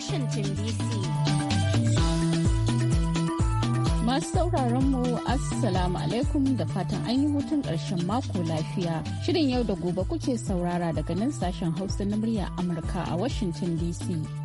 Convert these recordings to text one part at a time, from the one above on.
Washington DC. Masu sauraron mu Assalamu alaikum da fatan an yi hutun ƙarshen mako lafiya. Shirin yau da gobe kuke saurara daga nan sashen Hausa na murya Amurka a Washington DC.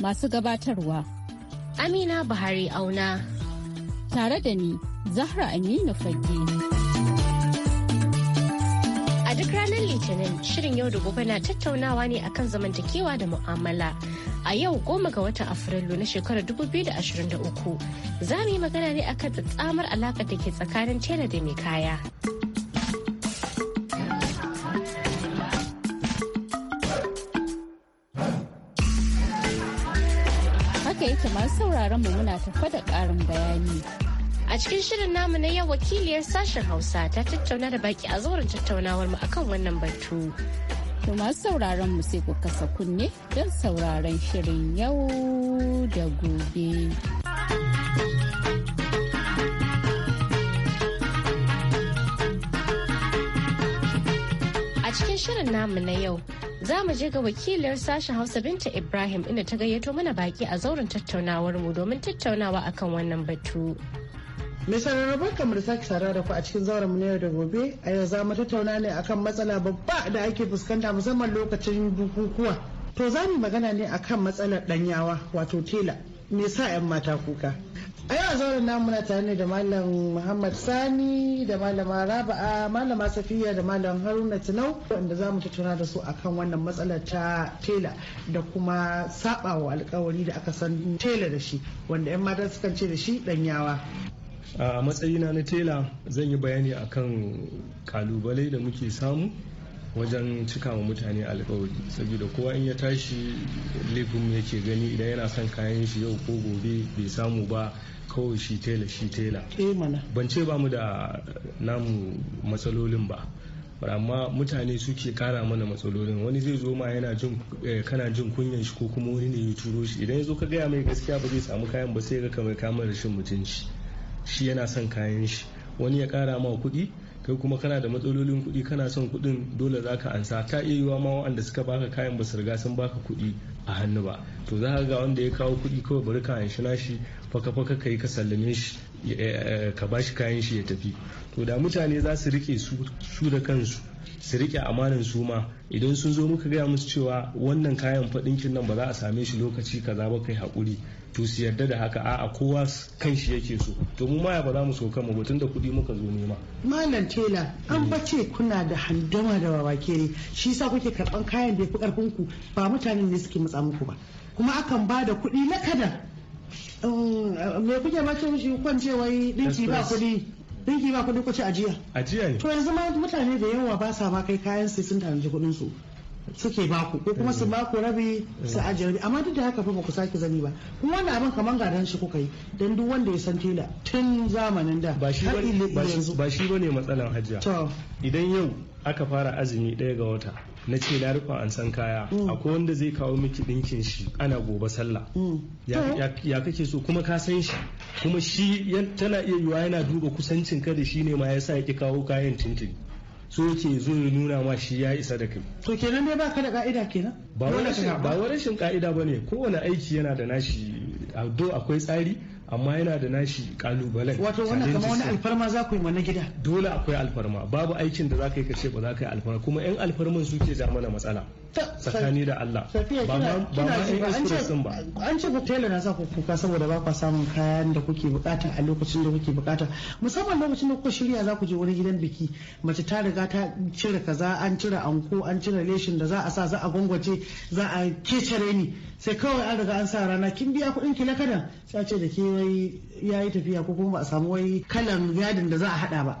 masu gabatarwa. Amina Buhari auna. Tare da ni, Zahra Aminu Fage. A duk ranar Litinin, shirin yau da gobe na tattaunawa ne akan zamantakewa da mu'amala. a yau goma ga watan afrilu na shekarar 2023 za mu yi magana ne akan tsamar alaƙar da ke tsakanin tela da mai kaya. sauraron mu muna tafa da ƙarin bayani. A cikin shirin namu na yau wakiliyar sashen Hausa ta tattauna da baki a zauren tattaunawar mu akan wannan batu. To masu sauraron mu sai ku kasa kunne don sauraron shirin yau da gobe. A cikin shirin namu na yau za mu je ga wakilar sashen hausa binta ibrahim inda ta gayyato mana baki a zauren tattaunawar mu domin tattaunawa akan wannan batu mai mu da sake sara da ku a cikin zauren mu na yau da gobe a yau za mu tattauna ne akan matsala babba da ake fuskanta musamman lokacin bukukuwa to za mu magana ne akan matsalar danyawa wato tela me sa 'yan mata kuka a yau zauren namu na tare ne da malam muhammad sani da malama raba'a malama safiya da malam haruna tinau wanda za mu tattauna da su akan wannan matsalar ta tela da kuma wa alkawari da aka san tela da shi wanda 'yan mata sukan ce da shi danyawa a matsayina na tela zan yi bayani akan kalubale da muke samu wajen cika wa mutane alkawari saboda kowa in ya tashi laifin yake gani idan yana son kayan shi yau ko gobe bai samu ba kawai shi tela shi tela eh ban ce ba mu da namu matsalolin ba amma mutane suke kara mana matsalolin wani zai zo ma yana jin eh, kana jin kunyan shi ko kuma wani ne ya turo shi idan ya zo ka gaya mai gaskiya ba zai samu kayan ba sai ga kamar kamar rashin mutunci shi yana son kayan shi wani ya kara ma kuɗi kai kuma kana da matsalolin kuɗi kana son kuɗin dole za ka ansa ta iya yiwa ma waɗanda suka baka kayan basu riga sun baka kuɗi a hannu ba to za ka ga wanda ya kawo kuɗi kawai bari ka anshi nashi faka faka kai ka sallame shi eh, eh, ka bashi kayan shi ya tafi to da mutane za su rike su da kansu su rike amanan su ma idan sun zo muka gaya musu cewa wannan kayan faɗinkin nan ba za a same shi lokaci kaza ba kai haƙuri to su yarda da haka a'a kowa kan shi yake so to mu ma ba za mu so kanmu ba tunda kudi muka zo nema malam tela an eh. bace kuna da handama da wawakere shi yasa kuke karban kayan da ya fi karfin ku ba mutanen ne suke matsa muku ba kuma akan ba da kuɗi na kada um, me kuke ma ce mishi kwance wai dinki ba kuɗi dinki ba kuɗi kuce ajiya ajiya ne to yanzu ma mutane da yawa ba sa ma kai kayan sai sun tanaji kuɗin su suke baku ko kuma su eh. baku rabi su eh. ajiye rabi amma duk da haka fa ba ku sake zani ba kuma wannan abin kaman gadan shi kuka yi dan duk wanda ya san tela tun zamanin da ba shi ba shi bane matsalan hajjia idan yau aka fara azumi ɗaya ga wata na ce na rufa an san kaya mm. akwai wanda zai kawo miki ɗinkin shi ana gobe sallah mm. ya kake so kuma ka san shi kuma shi tana iya yiwa yana duba kusancin ka da shi ne ma yasa ya ki kawo kayan tintini so yake zo ya nuna ma shi ya isa da kai to kenan ne baka da ka'ida kenan ba wani rashin ka'ida bane kowane aiki yana da nashi do akwai tsari amma yana da nashi kalubalen wato wannan kamar wani alfarma za ku yi mana gida dole akwai alfarma babu aikin da za ka yi ka ce ba za ka yi alfarma kuma yan alfarman suke zama na matsala tsakani da Allah ba ma in ba an ce ku tela na sa kuka saboda ba ku samun kayan da kuke bukata a lokacin da kuke bukata musamman lokacin da kuka shirya za ku je wani gidan biki mace ta riga ta cire kaza an cire anko an cire leshin da za a sa za a gwangwace za a kecere ni sai kawai an riga an sa rana kin biya kuɗin ki na kadan sai a ce da ke wai yayi tafiya ko kuma ba a samu wai kalan yadin da za a haɗa ba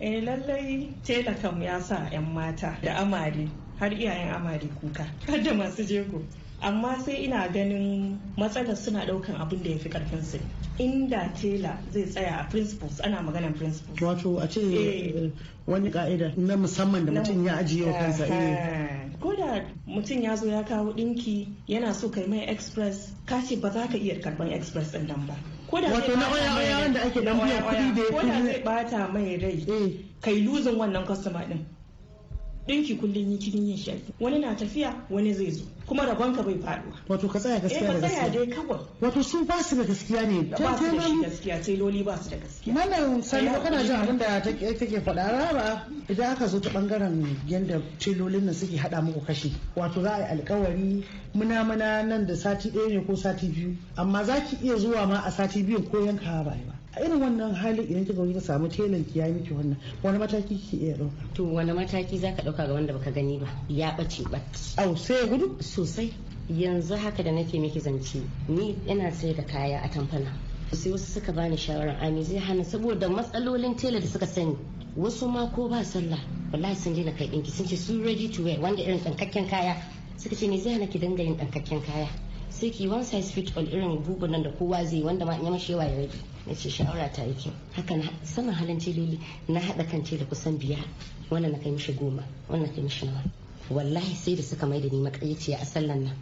eh lallai tela kam ya sa 'yan mata da amare har iyayen amari kuka har da masu jego amma sai ina ganin matsalar suna daukan abin da ya fi karfin su inda tela zai tsaya a principles ana maganar principles wato a ce eh. wani ka'ida na musamman da mutum ya ajiye wa kansa eh. ko da mutum ya zo ya kawo dinki yana so kai mai express ka ce ba za ka iya karban express din nan ba wato na oya oya wanda ake dan biya kudi da ya ko da zai bata mai rai eh. kai luzin wannan customer din dinki kullum yi kin yin shi. wani na tafiya wani zai zo kuma rabon ka bai faduwa wato ka tsaya gaskiya eh, da gaskiya dai kawai wato su ba su da gaskiya ne ba su da gaskiya loli ba su da gaskiya mallam sani kana jin abin da take faɗa raba idan aka zo ta bangaren yanda telolin nan suke hada muku kashi wato za a yi alkawari muna muna nan da sati ɗaya ne ko sati biyu amma za ki iya zuwa ma a sati biyu ko yanka ba ba a irin wannan hali idan kika ga samu telan ki ya miki wannan wani mataki ki iya dauka to wani mataki zaka dauka ga wanda baka gani ba ya bace ba au sai gudu sosai yanzu haka da nake miki zance ni ina sai da kaya a tamfana sai wasu suka bani shawarar ami zai hana saboda matsalolin tela da suka sani wasu ma ko ba sallah wallahi sun je na kai dinki sun ce sun ready to wear wanda irin tsankakken kaya suka ce me zai hana ki dinga yin tsankakken kaya sai ki one size fit all irin bugun nan da kowa zai wanda ma in ya mashi ya rage na ce shawara ta yake haka na saman halin cilili na haɗa kan da kusan biyar wannan na kai mishi goma wannan na kai mishi nawa wallahi sai da suka mai da ni makayyaciya a sallan nan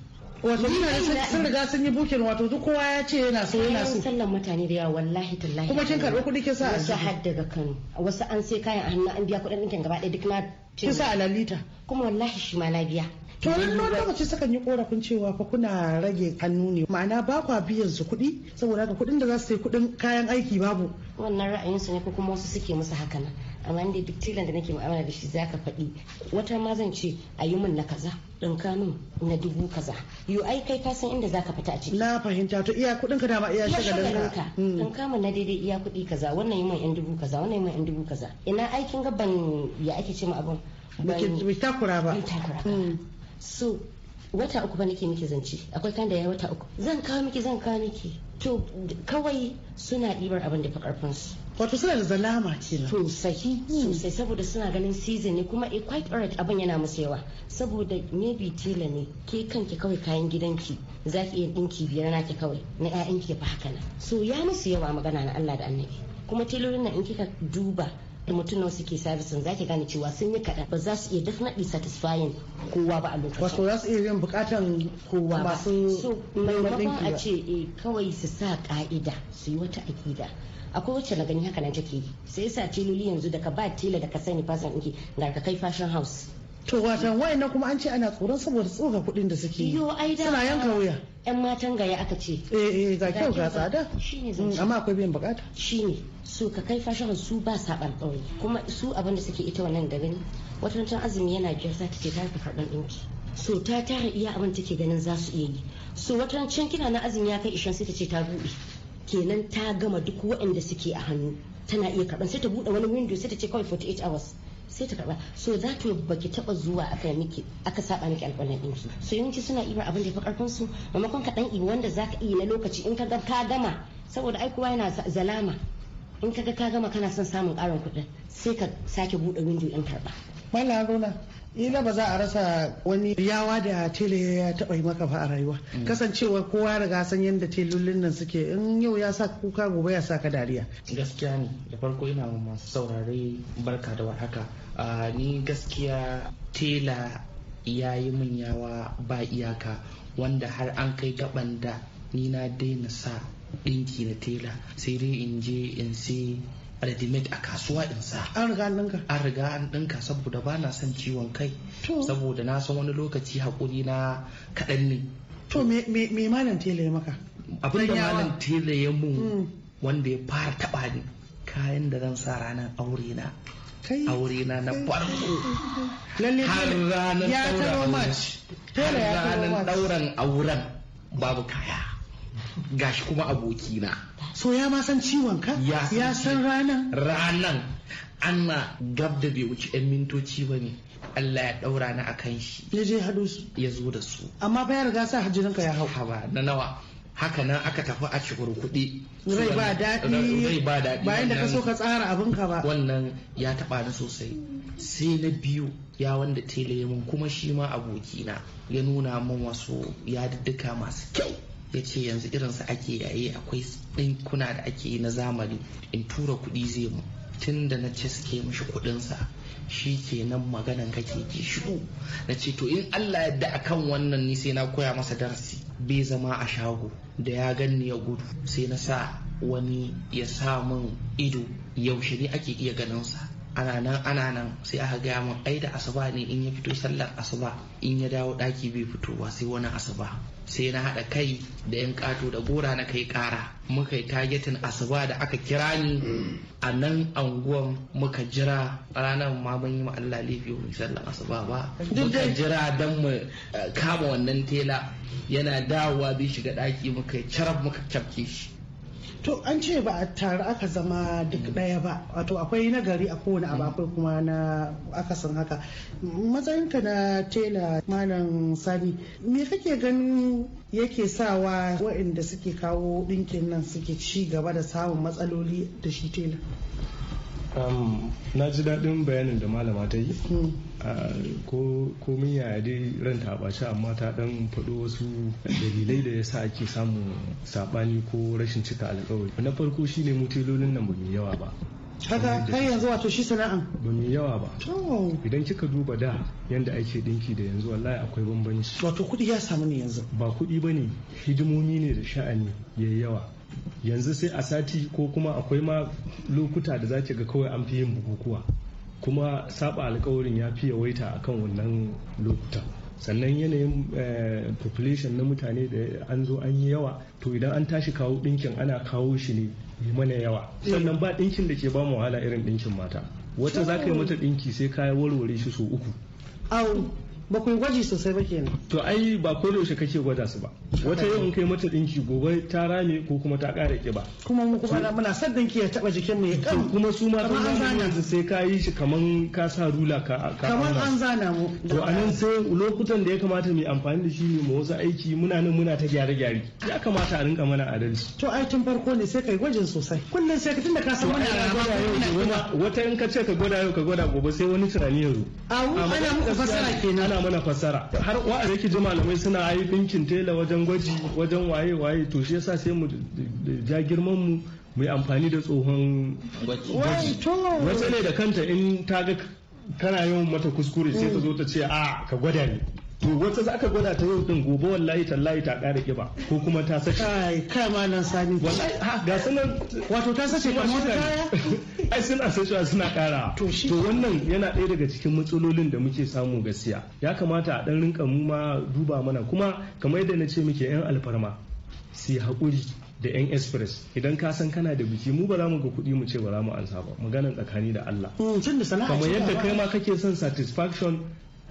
wato mutane sun riga sun yi bukin wato duk kowa ya ce yana so yana so sallan mutane da yawa wallahi tallahi kuma kin karɓi kuɗi kin sa a har daga Kano wasu an sai kayan a hannu an biya kuɗin ɗinkin gaba ɗaya duk na kin sa a lalita kuma wallahi shi ma na biya to wani lokaci sukan yi korafin cewa fa kuna rage hannu ne ma'ana ba kwa biyan su kuɗi saboda haka kuɗin da za su yi kuɗin kayan aiki babu wannan ra'ayin su ne ko kuma wasu suke musu haka nan amma inda duk tilan da nake mu'amala da shi za ka faɗi wata ma zan ce a yi min na kaza ɗin min na dubu kaza yo ai kai ka san inda ka fita a ciki na fahimta to iya kuɗin ka dama iya shagalin ka hmm. ɗinka min na daidai iya kuɗi kaza wannan yi min yan dubu kaza wannan yi min yan dubu kaza ina aikin gaban ya ake ce ma abun ba takura ba hmm. so wata uku ba nake miki zance akwai kan da ya wata uku zan kawo miki zan kawo miki to kawai suna ɗibar abin da fa su. wato suna da zalama ce na sosai hmm. sosai saboda suna ganin season ne kuma a eh, quite alright abin yana musu yawa saboda maybe tela ne ke kanki kawai kayan gidanki za ki iya ɗinki biyar naki kawai na 'ya'yanki ya fa haka na so ya musu yawa magana na Allah da annabi kuma telolin nan in kika duba mutum nawa suke servicing zaki gane cewa sun yi kaɗan ba za su iya naɗi satisfying kowa ba a lokacin za su iya yin bukatan kowa ba so maimakon a ce eh, kawai su sa ka'ida su yi wata akida akwai wacce na gani haka nan take sai yasa tiloli yanzu daga ba tela daga ka sani fasan inki ga ka kai fashion house to watan wayannan kuma an ce ana tsoron saboda tsoga kuɗin da suke yi suna yanka wuya yan matan gaya aka ce eh eh ga kyau ga tsada mm, amma akwai biyan bukata shine su ka kai fashion su ba saban ɗauri kuma su abin da suke ita wannan da gani wata azumi yana biyar za ta ce ta fi karɓar ɗinki so ta tara iya abin take ganin za su iya yi so wata kina na azumi ya kai ishan sai ta ce ta buɗe kenan ta gama duk waɗanda suke a hannu tana iya karɓar sai ta buɗe wani window sai ta ce kawai 48 hours sai ta karba so za ki baki taba zuwa aka miki aka saba miki alƙalin ɗinki so yawanci suna ibar abin da ya fi karfin su maimakon ka dan ibi wanda zaka ka iya na lokaci in ka ga ka gama saboda ai kowa yana zalama in ka ga ka gama kana son samun ƙarin kuɗin sai ka sake buɗe windo in karba. Mala Haruna ila ba za a rasa wani yawa da tele ya taba yi maka ba a rayuwa mm. kasancewa kowa riga san yadda telolin nan suke in yau ya sa kuka gobe ya sa ka dariya gaskiya ne da farko ina masu saurare barka da warhaka ni gaskiya tela ya yi min yawa ba iyaka wanda har an kai gaban da ni na daina sa ɗinki na tela sai dai in je in sai readymade a kasuwa in sa an riga an dinka an riga an dinka saboda ba na son ciwon kai saboda na san wani lokaci hakuri na kaɗan ne to me malam tela ya maka abin da malam tela ya mun mm. wanda ya fara taɓa ni kayan da zan sa ranar aure na aure na na farko lalle ya har ranar ɗauran auren babu kaya gashi kuma abokina so ya ma san ciwon ka ya san ranan ranan ana gab da bai wuce 'yan mintoci ba ne Allah ya ɗaura na akan shi ya je hadu su ya zo da su amma ba ya riga sa ka ya hau haba na nawa haka nan aka tafi a cikin kuɗi rai ba daɗi rai ba daɗi bayan da ka so ka tsara abin ka ba wannan ya taɓa ni sosai sai na biyu ya wanda tele mun kuma shi ma abokina ya nuna min wasu yadiddika masu kyau ya ce yanzu irin irinsu ake yayi akwai ɗinkuna da ake yi na zamani in tura kuɗi zai mu tun da na ce suke mashi kuɗinsa shi ke nan maganan kake ke shiru na ce to in Allah yadda a kan wannan ni sai na koya masa darasi bai zama a shago da ya ganni ya gudu sai na sa wani ya sa min ido yaushe ne ake iya ganinsa ana nan ana nan sai aka gaya min ai da asuba ne in ya fito sallar asuba in ya dawo ɗaki bai fitowa sai wani asuba sai na haɗa kai da yan ƙato da gora na kai ƙara muka yi targetin asuba da aka kira ni a nan anguwan muka jira ranar ma ban yi Allah laifi mu sallan asuba ba muka jira don mu eh, kama wannan tela yana dawowa bi shiga ɗaki muka yi carab muka cafke shi to an ce ba a tare aka zama duk daya ba wato akwai nagari a kowane abu akwai kuma na akasin haka matsayinka na tela malam sani me kake ganin yake sawa waɗanda suke kawo ɗinkin nan suke ci gaba da samun matsaloli da shi tela Um, na ji daɗin bayanin da malama ta yi hmm. ah, ko min yaya dai ranta a ɓace amma ta ɗan faɗo wasu dalilai da ya sa ake samun saɓani ko rashin cika alkawari na farko shi ne mutilolin nan ba mai yawa ba haka kai yanzu wato shi sana'an ba mai yawa ba idan kika duba da yanda ake dinki da yanzu wallahi akwai bambanci wato kuɗi ya samu ne yanzu ba kuɗi ba ne hidimomi ne da sha'ani ya yawa yanzu sai a sati ko kuma akwai ma lokuta da za ga kawai an fi yin bukukuwa kuma saba alkawarin ya fi yawaita a kan wannan lokuta sannan yanayin eh, population na mutane da an zo an yi yawa to idan an tashi kawo dinkin ana kawo shi ne mai mana yawa sannan ba dinkin da ke ba mu wahala irin dinkin mata wata za ka yi mata dinki sai ka warware shi so uku ba ku gwaji sosai ba kenan to ai ba ko yaushe kake gwada su ba wata yau kai mata dinki gobe ta rame ko kuma ta ƙara kiba kuma mu kuma muna son dinki ya taba jikin mu ya kan kuma su ma an zana su sai ka yi shi kaman ka sa rula ka kaman an zana mu to anan sai lokutan da ya kamata mu amfani da shi ne mu wasu aiki muna nan muna ta gyara gyare ya kamata a rinka mana adalci to ai tun farko ne sai kai gwajin sosai kullun sai ka tunda ka san muna rayuwa wata in ka ce ka gwada yau ka gwada gobe sai wani tunani yanzu a mu ana muku fasara kenan ana mana fasara har wa'a yake ji malamai suna ayi dinkin tela wajen wajen gwaji wajen waye waye to shi yasa sai mu ja girman mu mu yi amfani da tsohon gwaji wace ne da kanta in ta ga kana yawan mata kuskure sai ta zo ta ce a ka gwada ni to wata za ka gwada ta yau din gobe wallahi tallahi ta ƙara kiba ko kuma ta sace kai kai malam sani wallahi ga sanan wato ta sace kuma wata kaya ai suna sacewa suna ƙara to wannan yana ɗaya daga cikin matsalolin da muke samu gaskiya ya kamata a dan rinka mu ma duba mana kuma kamar yadda na ce muke yan alfarma si hakuri da yan express idan ka san kana da biki mu ba za mu ga kuɗi mu ce ba za mu ansa ba maganan tsakani da Allah mm, kamar yadda kai ma kake son satisfaction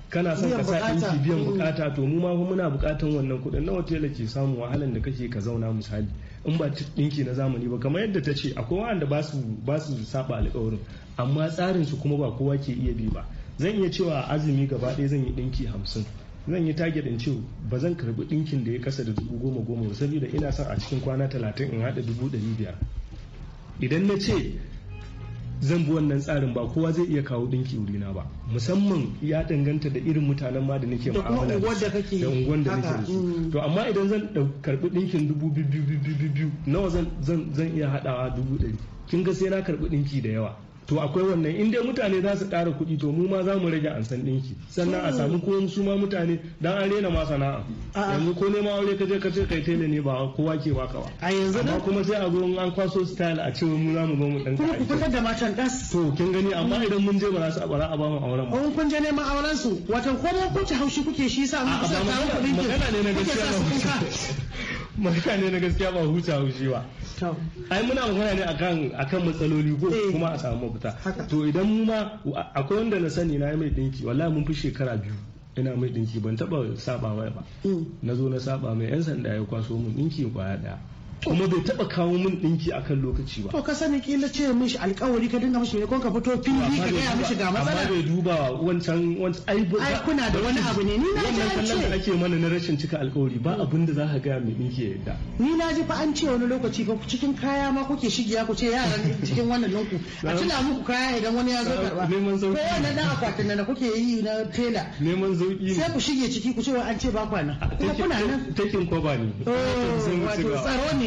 kana son ka sa ɗinki biyan bukata to mu ma muna bukatan wannan kuɗin nawa tela ke samu wahalan da kake ka zauna misali in ba ɗinki na zamani ba kamar yadda ta ce akwai wanda ba su ba su saba alƙawarin amma tsarin su kuma ba kowa ke iya bi ba zan iya cewa azumi gaba ɗaya zan yi ɗinki hamsin zan yi target in ce ba zan karbi ɗinkin da ya kasa da dubu goma goma saboda ina son a cikin kwana talatin in haɗa dubu ɗari biyar idan na ce zan bi wannan tsarin ba kowa zai iya kawo dinki wurina ba musamman ya danganta da irin mutanen ma da nake mu'amala da unguwan da nake su mm. to amma idan zan karbi dinkin dubu biyu biyu biyu nawa zan iya hadawa dubu ɗari kin ga sai na karbi dinki da yawa to akwai wannan in dai mutane za su ƙara kuɗi to mu ma za mu rage ansan ɗinki sannan a samu ko su ma mutane dan an rena ma sana'a yanzu ko nema aure ka je ka ce kai tele ne ba kowa ke baka ba a yanzu amma kuma sai a zo in an kwaso style a ce mu za mu zo mu dan ka ku fitar da matan das to kin gani amma idan mun je ba za su abara a ba mu auren ba oh, kun je neman auren su watan ko mun kuce haushi kuke shi yasa mun kusa tawo kuɗin ki magana ne na gaskiya ba magana ne na gaskiya ba huta haushi ba ai muna magana ne akan akan matsaloli ko eh. kuma a samu mafita to idan mu ma akwai wanda na sani na mai dinki wallahi mun fi shekara biyu ina mai dinki ban taba saba mai ba mm. na zo na saba mai yan sanda ya kwaso mun dinki kwaya daya kuma bai taba kawo min dinki akan lokaci ba to ka sani kila ce mishi alkawari ka dinga mishi ne kon ka fito fili ka gaya mishi ga matsala amma bai duba wancan wancan ai kuna da wani abu ne ni na ji an ce da ake mana na rashin cika alkawari ba abin da zaka ga mai dinki ya yadda ni na ji fa an ce wani lokaci fa cikin kaya ma kuke shigiya ku ce yaran cikin wannan linku a tuna muku kaya idan wani ya zo karba neman ko wannan dan akwatin nan kuke yi na tela neman zauki sai ku shige ciki ku ce an ce ba kwana kuma kuna nan takin kwaba ne oh, wato tsaro ne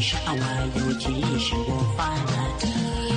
是沙外有几我孤帆。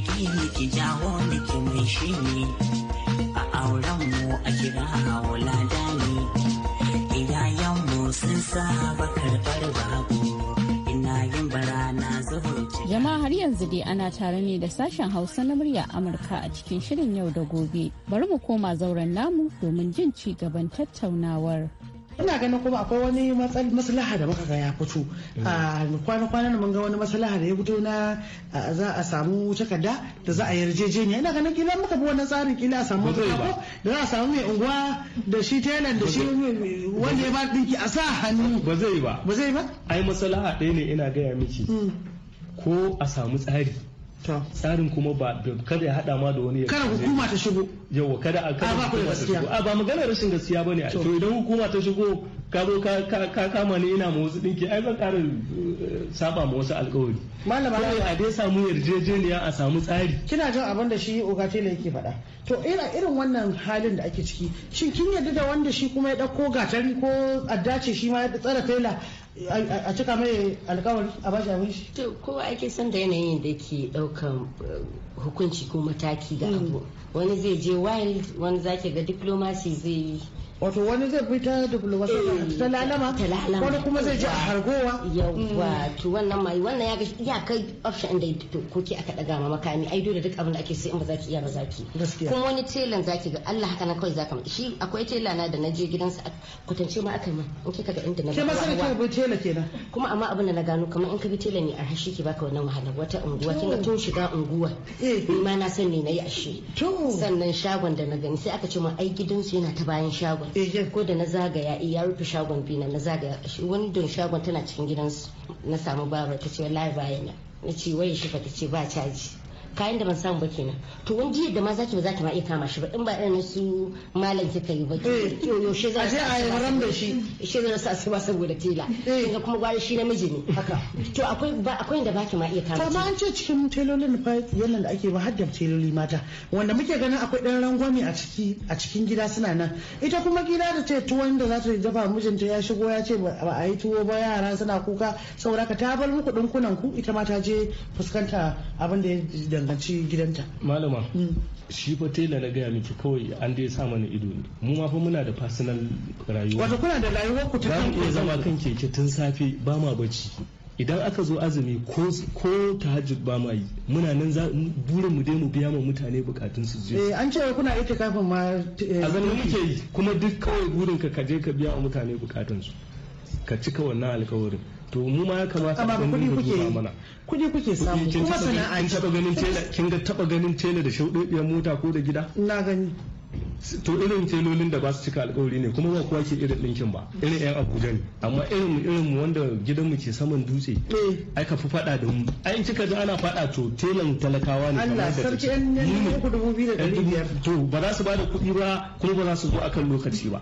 biki ki jawo miki mai shi a auren mu a kira a wulada ne iyayen mu sun sa karɓar babu ina yin barana zuhur jama'a har yanzu dai ana tare ne da sashen hausa na murya amurka a cikin shirin yau da gobe bari mu koma zauren namu domin jin ci gaban tattaunawar ina ganin kuma akwai wani maslaha da muka ga ya fito mm. a kwana-kwanan mun ga wani maslaha da ya fito na za a samu takarda da za a yarjejeniya ina ganin kila muka bi wannan tsarin kila a samu ko da za a samu mai unguwa da shi telan da shi wanda ya ba dinki a sa hannu ba zai ba ba zai ba ai maslaha ɗaya ne ina gaya miki mm. ko a samu tsari tsarin kuma ba kada ya hada ma da wani kada hukuma ta shigo yawa kada a kada hukuma ta shigo a ba maganar rashin gaskiya bane to idan hukuma ta shigo ka zo ka kama ne ina ma wasu dinki ai zan karin eh, saba ma wasu alkawari malama a dai samu yarjejeniya a samu tsari kina jin abin da shi oga ne yake faɗa to irin wannan halin da ake ciki shin kin yarda da wanda shi kuma ya dauko gatari ko addace shi ma ya tsara tela. a cika mai alkawari a bashi abin shi to kowa ake son da yanayin da ke daukan um, hukunci ko mataki da abu mm. wani zai je wild wani zaki ga diplomacy zai yi wato wani zai bi eh, ta dubulwasa ta lalama wani kuma zai ji a hargowa yawa mm. to wannan mai wannan ya ga ya kai option da to koki aka daga ma makami ai dole duk abin da ake sai in ba ki iya ba za kuma wani telan zaki ga Allah haka nan kawai zaka shi akwai tailor na da na je gidansa kutance ma aka min in kika ga inda na ba sai ka bi tela kenan kuma amma abin da na gano kamar in ka bi tailor ne a hashi ki baka wannan wahala wata unguwa kinga tun shiga unguwa eh. ni ma na san ne nayi ashe sannan shagon da na gani sai aka ce ma ai gidansu yana ta bayan shagon ko da na zagaya eh, ya rufe shagon bina na zagaya wani don shagon tana cikin gidansu na samu babar ta ce wallahi baya na ce waye shi ta ce ba caji kayan da ban samu ba kenan to wani jiya da ma zaki ba zaki ma iya kama shi ba in ba irin su malam kika yi ba eh, yaushe za a yi ran da shi shi zai rasa su ba saboda tela eh. kinga kuma gwari shi namiji ne haka to akwai ba akwai da baki ma iya kama to ma an ce cikin telolin fa yallan da ake ba har teloli mata wanda muke ganin akwai dan rangwame a ciki a cikin gida suna nan ita kuma gida da ce tuwon da za ta dafa mijinta ya shigo ya ce ba a yi tuwo ba yara suna kuka sauraka ta bar muku dinkunan ku ita ma ta je fuskanta abin da danganci gidanta malama mm. shi fa tela na gaya miki kawai an dai sa mana ido ne mu ma fa muna da personal rayuwa wato kuna da rayuwar ku ta kan zama kan keke tun safe ba ma bacci idan aka zo azumi ko tahajjud ba ma yi muna nan burin mu dai mu biya ma mutane bukatun su je eh, an ce kuna ita kafin ma eh, azumi muke yi kuma duk kawai burin ka kaje ka biya wa mutane bukatun su ka cika wannan alkawarin to mu ma ya kamata a kuɗi kuke mana kuɗi kuke samu kuma sana'a kin taba ganin tela kin ga taba ganin tela da shaudiyar mota ko da gida na gani to irin telolin da ba su cika alƙawari ne kuma ba kowa ke irin ɗinkin ba irin yan abuja ne amma irin irin mu wanda gidan mu ke saman dutse eh. ai ka fi fada da mu ai in kika ji ana fada to telan talakawa ne Allah sarki yan ne ko dubu biyu da ɗari biyar to ba za su ba da kuɗi ba kuma ba za su zo akan lokaci ba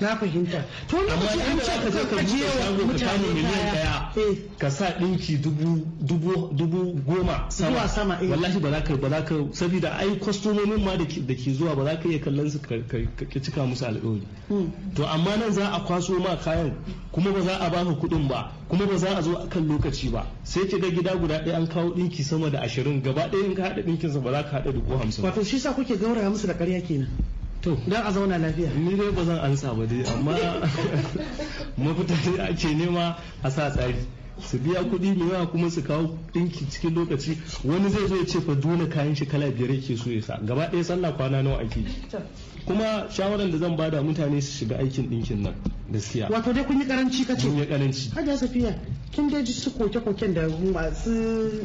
na fahimta to lokaci an ce ka ka je wa mutane miliyan daya eh. ka sa dinki dubu dubu dubu goma sama sama eh. wallahi ba za ka ba za ka saboda ai kwastomomin ma da ke zuwa ba za ka iya kallon su ka cika musu alƙawari hmm. to amma nan za a kwaso ma kayan kuma ba za a baka kuɗin ba kuma ba za a zo kan lokaci ba sai ki ga gida guda ɗaya an kawo dinki sama da ashirin gaba ɗaya in ka haɗa sa ba za ka haɗa dubu hamsin wato shi sa kuke gauraya musu da ƙarya kenan to dan a zauna lafiya ni dai ba zan ansa ba dai amma mafita dai ake nema a sa tsari su biya kuɗi mai yawa kuma su kawo ɗinki cikin lokaci wani zai zo ya ce fa dole kayan shi kala biyar yake so ya sa gaba ɗaya sallah kwana nawa ake kuma shawaran da zan bada mutane su shiga aikin ɗinkin nan gaskiya wato dai kun yi karanci kace kun yi karanci safiya kin daji su koke-koken da masu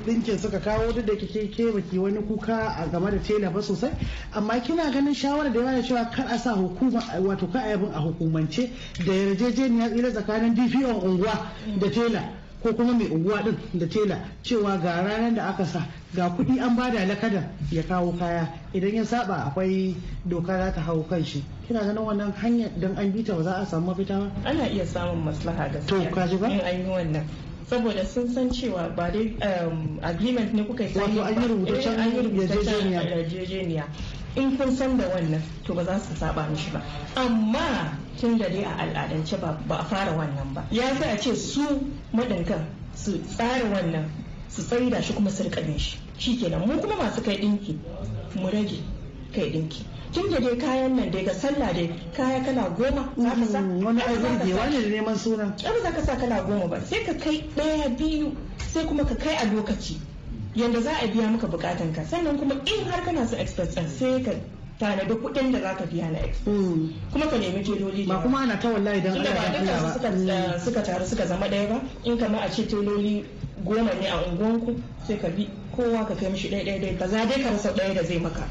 dinkin suka kawo duk da kike ke baki wani kuka a game da tela ba sosai amma kina ganin shawara da yana cewa kar a sa hukuma wato ka a a hukumance da yarjejeniya tsira tsakanin DPO unguwa da tela ko kuma mai unguwa din da tela cewa ga ranar da aka sa ga kuɗi an bada lakadan ya kawo kaya idan ya saba akwai doka za ta hau kan shi kina ganin wannan hanya don an bita ba za a samu mafita ba ana iya samun maslaha gaskiya to kaji ba in an yi wannan saboda sun san cewa ba dai um, agreement ne kuka yi wato eh, an yi rubutaccen yarjejeniya in kun san da wannan to ba za su saba mishi ba amma tun da dai a al'adance ba a fara wannan ba ya sai a ce su maɗin kan su tsara wannan su tsaida shi kuma su rika shi shi kenan mu kuma masu kai dinki mu rage kai dinki tun da dai kayan nan dai sallah dai kaya kana goma za ka mm, wani aibin da wani da neman suna ba za ka sa kana goma ba sai ka kai daya biyu sai kuma ka kai a lokaci yanda za a biya maka bukatan ka sannan kuma in har kana su expense sai ka tanadi kuɗin da zaka biya na ex mm. kuma ka nemi teloli ba kuma ana ta wallahi dan ba duka mm. eh, suka taru suka zama ɗaya ba in kama a ce teloli goma ne a unguwanku sai ka bi kowa ka kai mishi ɗaya ɗaya ɗaya ba za dai ka rasa ɗaya da zai maka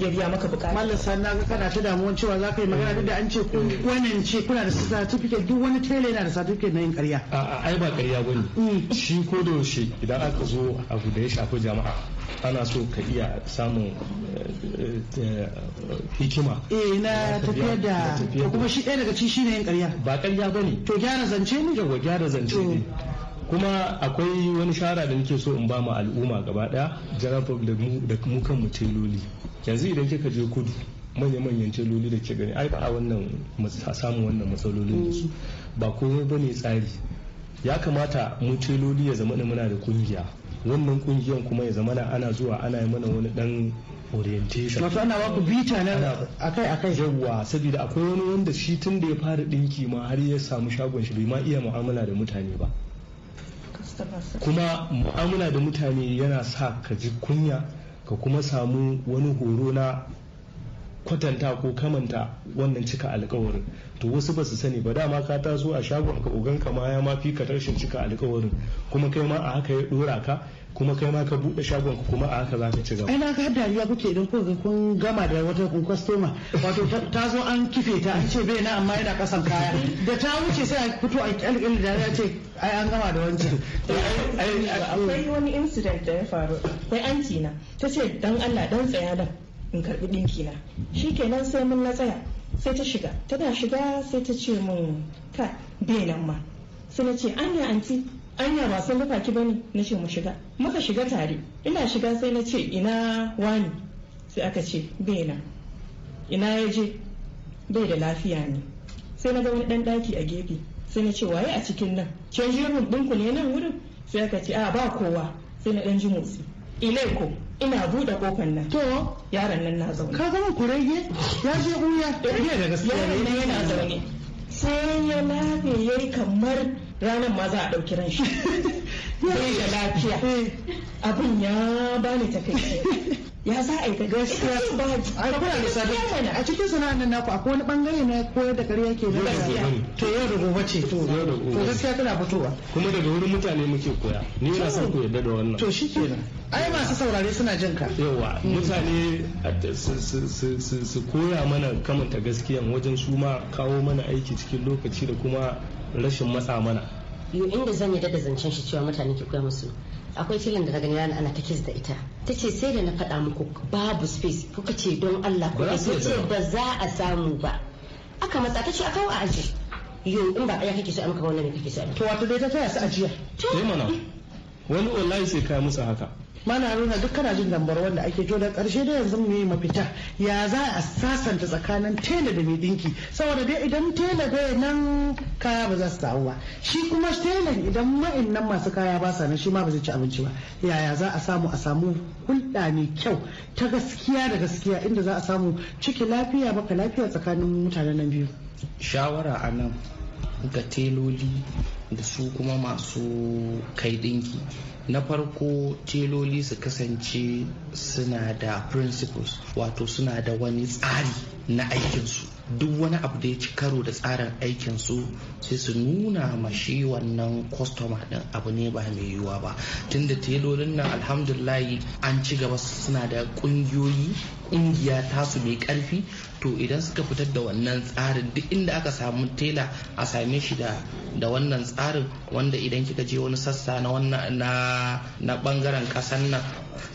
ya biya maka bukata mallam sai na ga kana ta damuwan cewa za ka yi magana da an ce ku wannan ce kuna da certificate duk wani tele yana da certificate na yin ƙarya a'a ai ba ƙarya bane mm. shi ko da yaushe idan aka zo abu da ya shafi jama'a ana so ka iya samun eh, eh, hikima eh na tafiya da to kuma shi ɗaya daga ci shine yin ƙarya ba ƙarya bane to gyara zance ne Yawwa gyara zance ne kuma akwai wani shara da nake so in ba mu al'umma gaba daya jarabab da mu kan mu teloli yanzu idan kika je kudu manya-manyan teloli da ke gani ai ba wannan samun wannan matsalolin da su mm. ba komai ba ne tsari ya kamata mu teloli ya zama muna da kungiya wannan kungiyan kuma ya zama ana zuwa ana yi mana wani dan orientation wato ana ba ku bita na akai akai yawwa saboda akwai wani wanda shi tun da ya fara dinki ma har ya samu shagon shi bai ma iya mu'amala da mutane ba kuma mu'amala da mutane yana sa ka ji kunya ka kuma samu wani horo na kwatanta ko kamanta wannan cika alkawarin to wasu ba su sani ba dama ka taso a shagon ka ogan ka ma ya ma fi ka rashin cika alkawarin kuma kai ma a haka ya dora ka kuma kai ma ka bude shagon ka kuma a haka za ka ci gaba ai na ka dariya kuke idan kuka kun gama da wata kun customer wato ta zo an kife ta an ce bai na amma yana kasan kaya da ta wuce sai a fito a kyalkyal da ya ce ai an gama da wancan akwai wani incident da ya faru akwai anti na ta ce dan Allah dan tsaya dan in karbi dinki na shikenan sai mun na tsaya sai ta shiga tana shiga sai ta ce mun ka bai nan ma sai na ce anya anti anya ba sun rufa ki bane na ce mu shiga muka shiga tare ina shiga sai na ce ina wani sai aka ce bai nan ina ya je bai da lafiya ne sai na ga wani dan daki a gefe sai na ce waye a cikin nan canji rumin ɗinku ne nan wurin sai aka ce a ba kowa sai na dan ji motsi ileko ina bude kofar nan to yaron nan na zaune ka zama kurege ya je uya eh, iya da gaskiya yaron nan yana zaune sai ya lafe yayi kamar ranar ma za a ɗauki ran shi ya lafiya eh. abin ya bani takaici ya za a yi ka gaskiya ba a a cikin sana'an nan naku akwai wani bangare na koyar da kariya ke da gaskiya to yau da gobe ce to da to gaskiya tana fitowa kuma daga wurin mutane muke koya ni ina son ku yarda da wannan to shikenan ai masu saurare suna jin ka yawa mutane su koya mana kamanta gaskiyan wajen su ma kawo mana aiki cikin lokaci da kuma rashin matsa mana inda zan yi da zancen shi cewa mutane ke koya musu akwai filin da daga gani ana ta kis da ita ta ce sai da na faɗa muku babu space kuka ce don Allah ku ce ba za a samu ba aka matsa ta ce a kawo a aji yo in ba ya kake so a maka wannan ne kake so to wato dai ta taya su ajiya to eh mana wani wallahi sai ka musu haka mana nuna duk kana jin dambar wanda ake jo da karshe da yanzu mu yi mafita ya za a sasanta tsakanin tela da mai dinki saboda dai idan tela bai nan kaya ba za su samu ba shi kuma telan idan ma'in nan masu kaya ba sa nan shi ma ba zai ci abinci ba yaya za a samu a samu hulɗa mai kyau ta gaskiya da gaskiya inda za a samu ciki lafiya baka lafiya tsakanin mutanen nan biyu shawara a nan ga teloli da su kuma masu kai dinki na farko teloli su kasance suna da principles wato suna da wani tsari na aikinsu duk wani abu da ya ci karo da tsarin aikinsu sai su nuna mashi wannan kwastoma din abu ne ba mai yiwuwa ba tunda telolin nan alhamdulahi an ci gaba suna da kungiyoyi kungiya tasu mai karfi to idan suka fitar da wannan tsarin duk inda aka samu tela a same shi da wannan tsarin wanda idan kika je wani sassa na wannan na bangaren kasan nan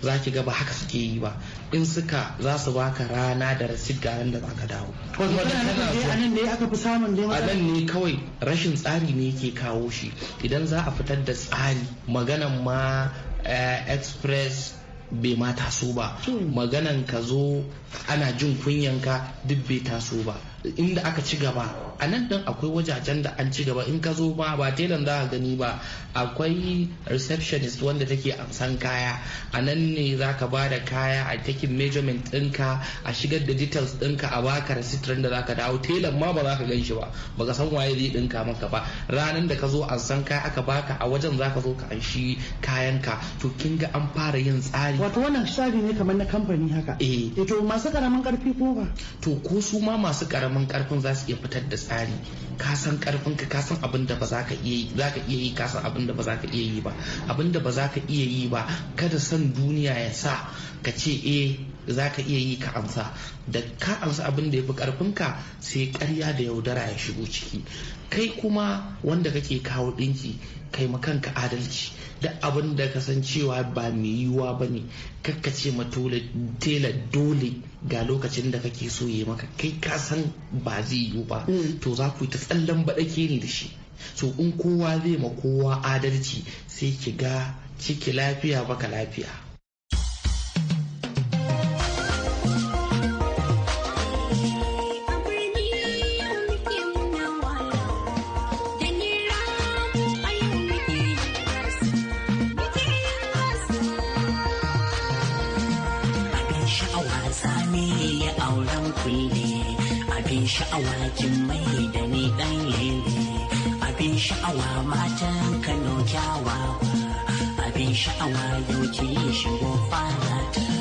za ki ga ba haka suke yi ba in suka za su baka rana da rasid da zaka dawo a nan ne kawai rashin tsari ne ke kawo shi idan za a fitar da tsari maganan ma eh, express bai ma taso ba hmm. maganan ka zo ana jin kunyanka duk bai taso ba inda aka ci gaba a nan din akwai wajajen da an ci gaba in ka zo ba ba telan za ka gani ba akwai receptionist wanda take amsan kaya a nan ne za ka ba da kaya a taking measurement ɗinka a shigar da details ɗinka a baka receipt da za ka dawo telan ma ba za ka gan shi ba ba ka san waye zai ɗinka maka ba ranar da ka zo an san kaya aka baka a wajen za ka zo ka anshi kayanka to kin ga an fara yin tsari wato wannan tsari ne kamar na kamfani haka eh, eh to masu karamin karfi ko ba to ko su ma masu karamin karamin karfin za su iya fitar da tsari ka san karfin ka kasan abin da ba za ka iya yi za ka iya yi ka san abin da ba za ka iya yi ba abin da ba za ka iya yi ba kada san duniya ya sa ka ce eh za ka iya yi ka amsa da ka amsa abin da ya fi ka sai karya da yaudara ya shigo ciki kai kuma wanda kake kawo ɗinki kai kanka adalci da abin da cewa ba mai yiwuwa ba ne kakkace ma tela dole ga lokacin da kake so ya maka kai ka san ba zai yiwu ba mm. to za ku yi ta tsallan baɗake ne da shi so in kowa zai ma kowa adalci sai ki ga ciki lafiya baka lafiya abin sha'awa kin mai da ni dan lele abin sha'awa matan kano kyawawa abin sha'awa yau ki shigo fara ta